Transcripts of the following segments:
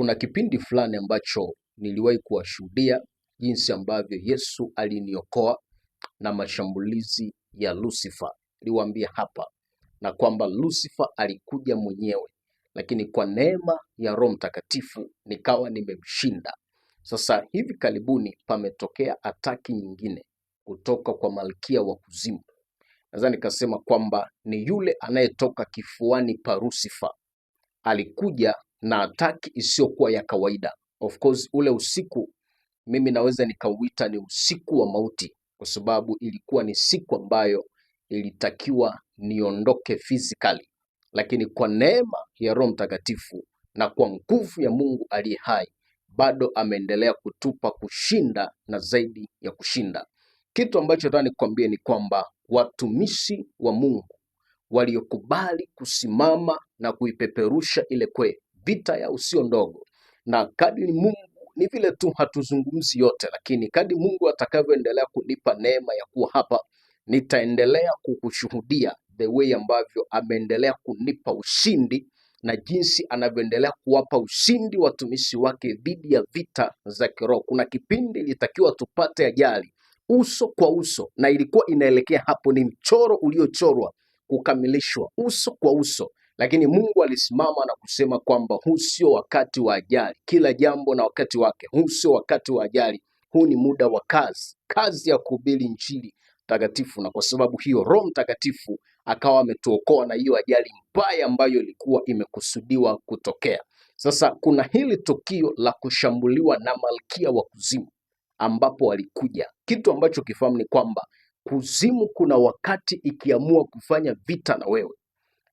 Kuna kipindi fulani ambacho niliwahi kuwashuhudia jinsi ambavyo Yesu aliniokoa na mashambulizi ya Lucifer. Niliwaambia hapa na kwamba Lucifer alikuja mwenyewe, lakini kwa neema ya Roho Mtakatifu nikawa nimemshinda. Sasa hivi karibuni pametokea ataki nyingine kutoka kwa malkia wa kuzimu, naweza nikasema kwamba ni yule anayetoka kifuani pa Lucifer alikuja na ataki isiyokuwa ya kawaida. Of course ule usiku mimi naweza nikauita ni usiku wa mauti, kwa sababu ilikuwa ni siku ambayo ilitakiwa niondoke physically, lakini kwa neema ya Roho Mtakatifu na kwa nguvu ya Mungu aliye hai bado ameendelea kutupa kushinda na zaidi ya kushinda. Kitu ambacho nataka nikwambie ni kwamba watumishi wa Mungu waliokubali kusimama na kuipeperusha ile kweli vita ya usio ndogo, na kadi Mungu ni vile tu hatuzungumzi yote, lakini kadi Mungu atakavyoendelea kunipa neema ya kuwa hapa, nitaendelea kukushuhudia the way ambavyo ameendelea kunipa ushindi na jinsi anavyoendelea kuwapa ushindi watumishi wake dhidi ya vita za kiroho. Kuna kipindi ilitakiwa tupate ajali uso kwa uso, na ilikuwa inaelekea hapo. Ni mchoro uliochorwa kukamilishwa uso kwa uso, lakini Mungu alisimama na kusema kwamba huu sio wakati wa ajali, kila jambo na wakati wake. Huu sio wakati wa ajali, huu ni muda wa kazi, kazi ya kuhubiri Injili takatifu. Na kwa sababu hiyo Roho Mtakatifu akawa ametuokoa na hiyo ajali mbaya ambayo ilikuwa imekusudiwa kutokea. Sasa kuna hili tukio la kushambuliwa na malkia wa kuzimu ambapo alikuja. Kitu ambacho kifahamu ni kwamba kuzimu kuna wakati ikiamua kufanya vita na wewe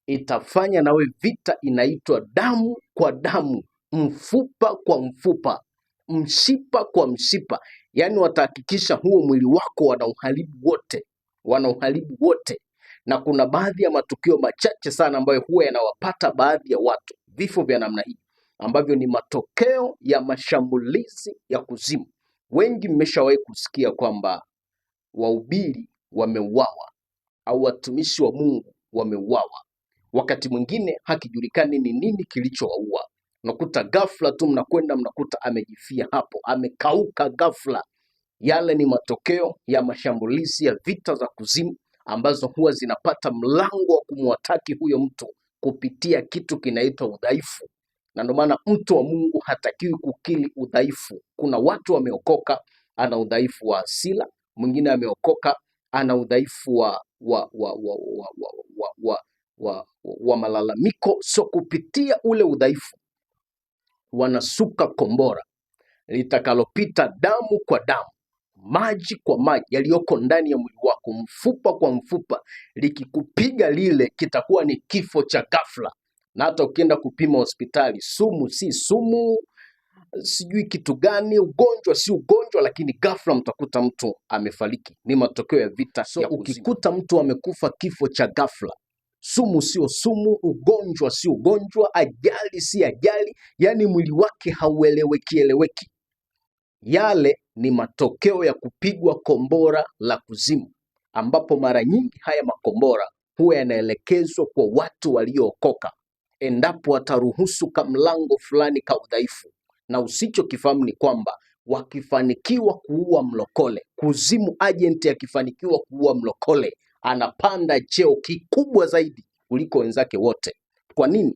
itafanya nawe vita inaitwa damu kwa damu, mfupa kwa mfupa, mshipa kwa mshipa. Yaani watahakikisha huo mwili wako wanauharibu wote, wanauharibu wote. Na kuna baadhi ya matukio machache sana ambayo huwa yanawapata baadhi ya watu, vifo vya namna hii ambavyo ni matokeo ya mashambulizi ya kuzimu. Wengi mmeshawahi kusikia kwamba wahubiri wameuawa au watumishi wa Mungu wameuawa Wakati mwingine hakijulikani ni nini kilichowaua. Unakuta ghafla tu mnakwenda mnakuta amejifia hapo, amekauka ghafla. Yale ni matokeo ya mashambulizi ya vita za kuzimu ambazo huwa zinapata mlango wa kumwataki huyo mtu kupitia kitu kinaitwa udhaifu, na ndio maana mtu wa Mungu hatakiwi kukili udhaifu. Kuna watu wameokoka, ana udhaifu wa asila, mwingine ameokoka ana udhaifu wa, wa, wa, wa, wa, wa, wa, wa wa, wa malalamiko. So kupitia ule udhaifu wanasuka kombora litakalopita damu kwa damu, maji kwa maji yaliyoko ndani ya mwili wako, mfupa kwa mfupa. Likikupiga lile kitakuwa ni kifo cha ghafla, na hata ukienda kupima hospitali, sumu si sumu, sijui kitu gani, ugonjwa si ugonjwa, lakini ghafla mtakuta mtu amefariki. Ni matokeo ya vita. So ukikuta mtu amekufa kifo cha ghafla sumu sio sumu, ugonjwa sio ugonjwa, ajali si ajali, yaani mwili wake hauelewekieleweki. Yale ni matokeo ya kupigwa kombora la kuzimu, ambapo mara nyingi haya makombora huwa yanaelekezwa kwa watu waliookoka, endapo wataruhusu kamlango fulani ka udhaifu. Na usichokifahamu ni kwamba wakifanikiwa kuua mlokole, kuzimu ajenti akifanikiwa kuua mlokole anapanda cheo kikubwa zaidi kuliko wenzake wote. Kwa nini?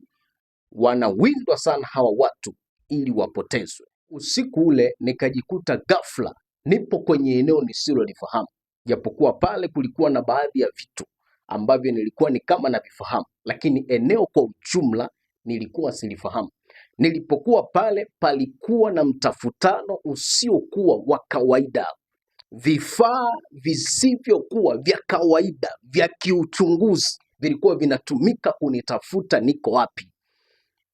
Wanawindwa sana hawa watu ili wapotezwe. Usiku ule nikajikuta ghafla nipo kwenye eneo nisilolifahamu, japokuwa pale kulikuwa na baadhi ya vitu ambavyo nilikuwa ni kama navifahamu, lakini eneo kwa ujumla nilikuwa silifahamu. Nilipokuwa pale, palikuwa na mtafutano usiokuwa wa kawaida vifaa visivyokuwa vya kawaida vya kiuchunguzi vilikuwa vinatumika kunitafuta niko wapi.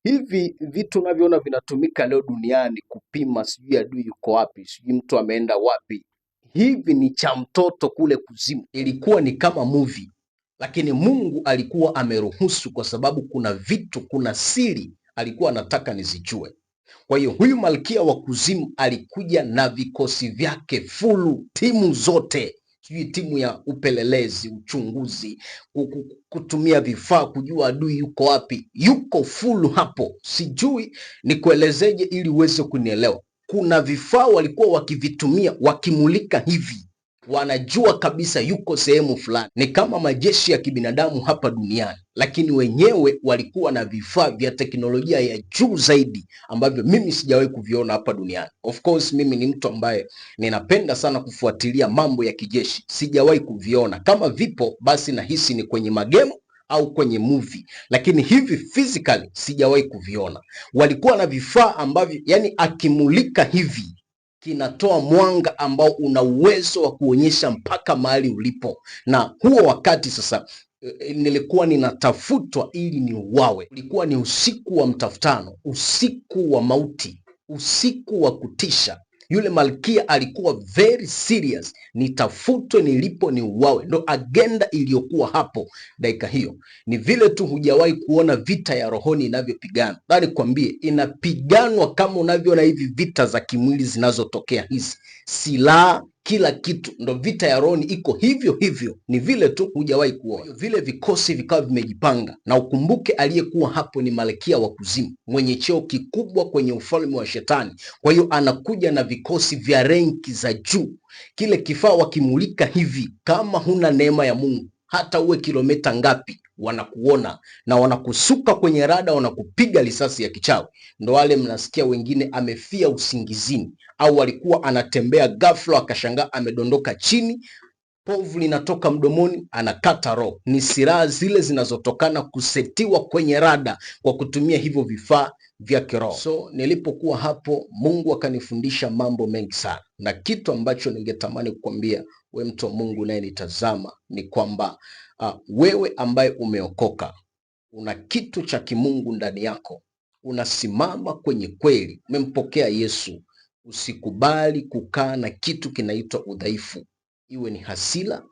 Hivi vitu unavyoona vinatumika leo duniani kupima, sijui adui yuko wapi, sijui mtu ameenda wapi, hivi ni cha mtoto kule kuzimu. Ilikuwa ni kama movie, lakini Mungu alikuwa ameruhusu kwa sababu kuna vitu, kuna siri alikuwa anataka nizijue. Kwa hiyo huyu malkia wa kuzimu alikuja na vikosi vyake fulu, timu zote, sijui timu ya upelelezi, uchunguzi, kutumia vifaa, kujua adui yuko wapi, yuko fulu hapo. Sijui ni kuelezeje ili uweze kunielewa. Kuna vifaa walikuwa wakivitumia wakimulika hivi wanajua kabisa yuko sehemu fulani. Ni kama majeshi ya kibinadamu hapa duniani, lakini wenyewe walikuwa na vifaa vya teknolojia ya juu zaidi ambavyo mimi sijawahi kuviona hapa duniani. Of course mimi ni mtu ambaye ninapenda sana kufuatilia mambo ya kijeshi, sijawahi kuviona. Kama vipo basi nahisi ni kwenye magemu au kwenye movie, lakini hivi physically sijawahi kuviona. Walikuwa na vifaa ambavyo, yani akimulika hivi kinatoa mwanga ambao una uwezo wa kuonyesha mpaka mahali ulipo. Na huo wakati sasa eh, nilikuwa ninatafutwa ili ni uwawe. Ulikuwa ni usiku wa mtafutano, usiku wa mauti, usiku wa kutisha, yule malkia alikuwa very serious, nitafutwe nilipo ni uwawe, ndo agenda iliyokuwa hapo dakika hiyo. Ni vile tu hujawahi kuona vita ya rohoni inavyopigana, bali kwambie inapiganwa kama unavyoona hivi vita za kimwili zinazotokea hizi, silaha kila kitu. Ndo vita ya Roni iko hivyo hivyo, ni vile tu hujawahi kuona. Vile vikosi vikawa vimejipanga, na ukumbuke aliyekuwa hapo ni malkia wa kuzimu mwenye cheo kikubwa kwenye ufalme wa Shetani. Kwa hiyo anakuja na vikosi vya renki za juu, kile kifaa wakimulika hivi. Kama huna neema ya Mungu, hata uwe kilomita ngapi wanakuona na wanakusuka kwenye rada, wanakupiga risasi ya kichawi. Ndo wale mnasikia wengine amefia usingizini, au alikuwa anatembea ghafla akashangaa amedondoka chini, povu linatoka mdomoni, anakata roho. Ni silaha zile zinazotokana kusetiwa kwenye rada kwa kutumia hivyo vifaa vya kiroho. So nilipokuwa hapo, Mungu akanifundisha mambo mengi sana, na kitu ambacho ningetamani kukwambia we mtu wa Mungu naye nitazama ni kwamba uh, wewe ambaye umeokoka una kitu cha kimungu ndani yako, unasimama kwenye kweli, umempokea Yesu, usikubali kukaa na kitu kinaitwa udhaifu, iwe ni hasira,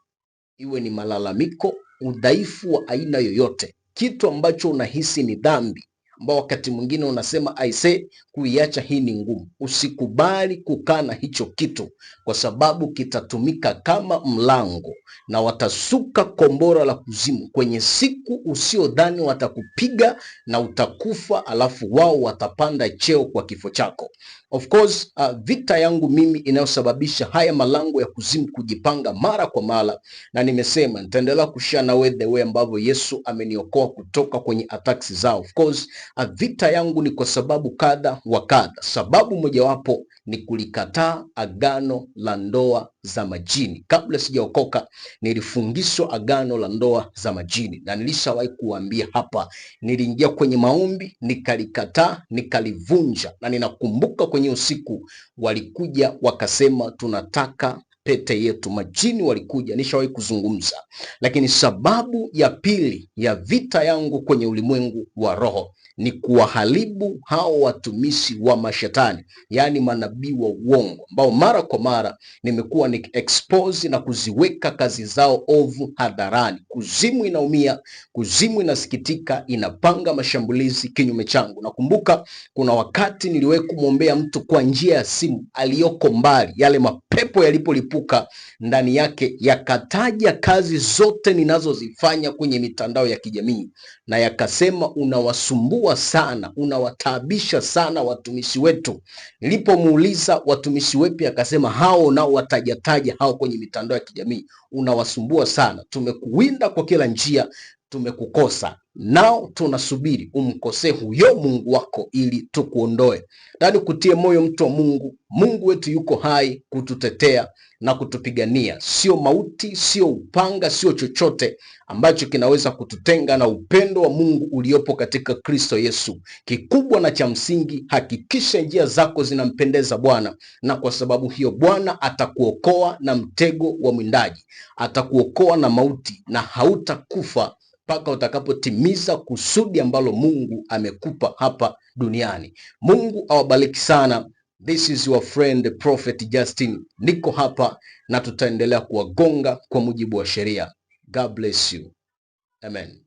iwe ni malalamiko, udhaifu wa aina yoyote, kitu ambacho unahisi ni dhambi ambao wakati mwingine unasema aise, kuiacha hii ni ngumu. Usikubali kukaa na hicho kitu, kwa sababu kitatumika kama mlango na watasuka kombora la kuzimu kwenye siku usiodhani, watakupiga na utakufa, alafu wao watapanda cheo kwa kifo chako. Of course uh, vita yangu mimi inayosababisha haya malango ya kuzimu kujipanga mara kwa mara, na nimesema nitaendelea kushare nawe the way ambavyo Yesu ameniokoa kutoka kwenye attacks zao. Of course uh, vita yangu ni kwa sababu kadha wa kadha. Sababu mojawapo ni kulikataa agano la ndoa za majini. Kabla sijaokoka nilifundishwa agano la ndoa za majini, na nilishawahi kuambia hapa, niliingia kwenye maombi nikalikataa, nikalivunja, na ninakumbuka kwenye usiku walikuja wakasema tunataka pete yetu, majini walikuja, nishawahi kuzungumza. Lakini sababu ya pili ya vita yangu kwenye ulimwengu wa roho ni kuwaharibu hao watumishi wa mashetani, yaani manabii wa uongo ambao mara kwa mara nimekuwa ni expose na kuziweka kazi zao ovu hadharani. Kuzimu inaumia, kuzimu inasikitika, inapanga mashambulizi kinyume changu. Nakumbuka kuna wakati niliwahi kumwombea mtu kwa njia ya simu aliyoko mbali, yale mapepo yalipolipua kulipuka ndani yake, yakataja kazi zote ninazozifanya kwenye mitandao ya kijamii, na yakasema unawasumbua sana, unawataabisha sana watumishi wetu. Nilipomuuliza watumishi wepi, akasema hao nao watajataja hao kwenye mitandao ya kijamii, unawasumbua sana, tumekuwinda kwa kila njia tumekukosa, nao tunasubiri umkosee huyo Mungu wako ili tukuondoe. Tani kutie moyo mtu wa Mungu, Mungu wetu yuko hai kututetea na kutupigania. Sio mauti, sio upanga, sio chochote ambacho kinaweza kututenga na upendo wa Mungu uliopo katika Kristo Yesu. Kikubwa na cha msingi, hakikisha njia zako zinampendeza Bwana, na kwa sababu hiyo Bwana atakuokoa na mtego wa mwindaji, atakuokoa na mauti na hautakufa mpaka utakapotimiza kusudi ambalo Mungu amekupa hapa duniani. Mungu awabariki sana. This is your friend Prophet Justin. Niko hapa na tutaendelea kuwagonga kwa mujibu wa sheria. God bless you. Amen.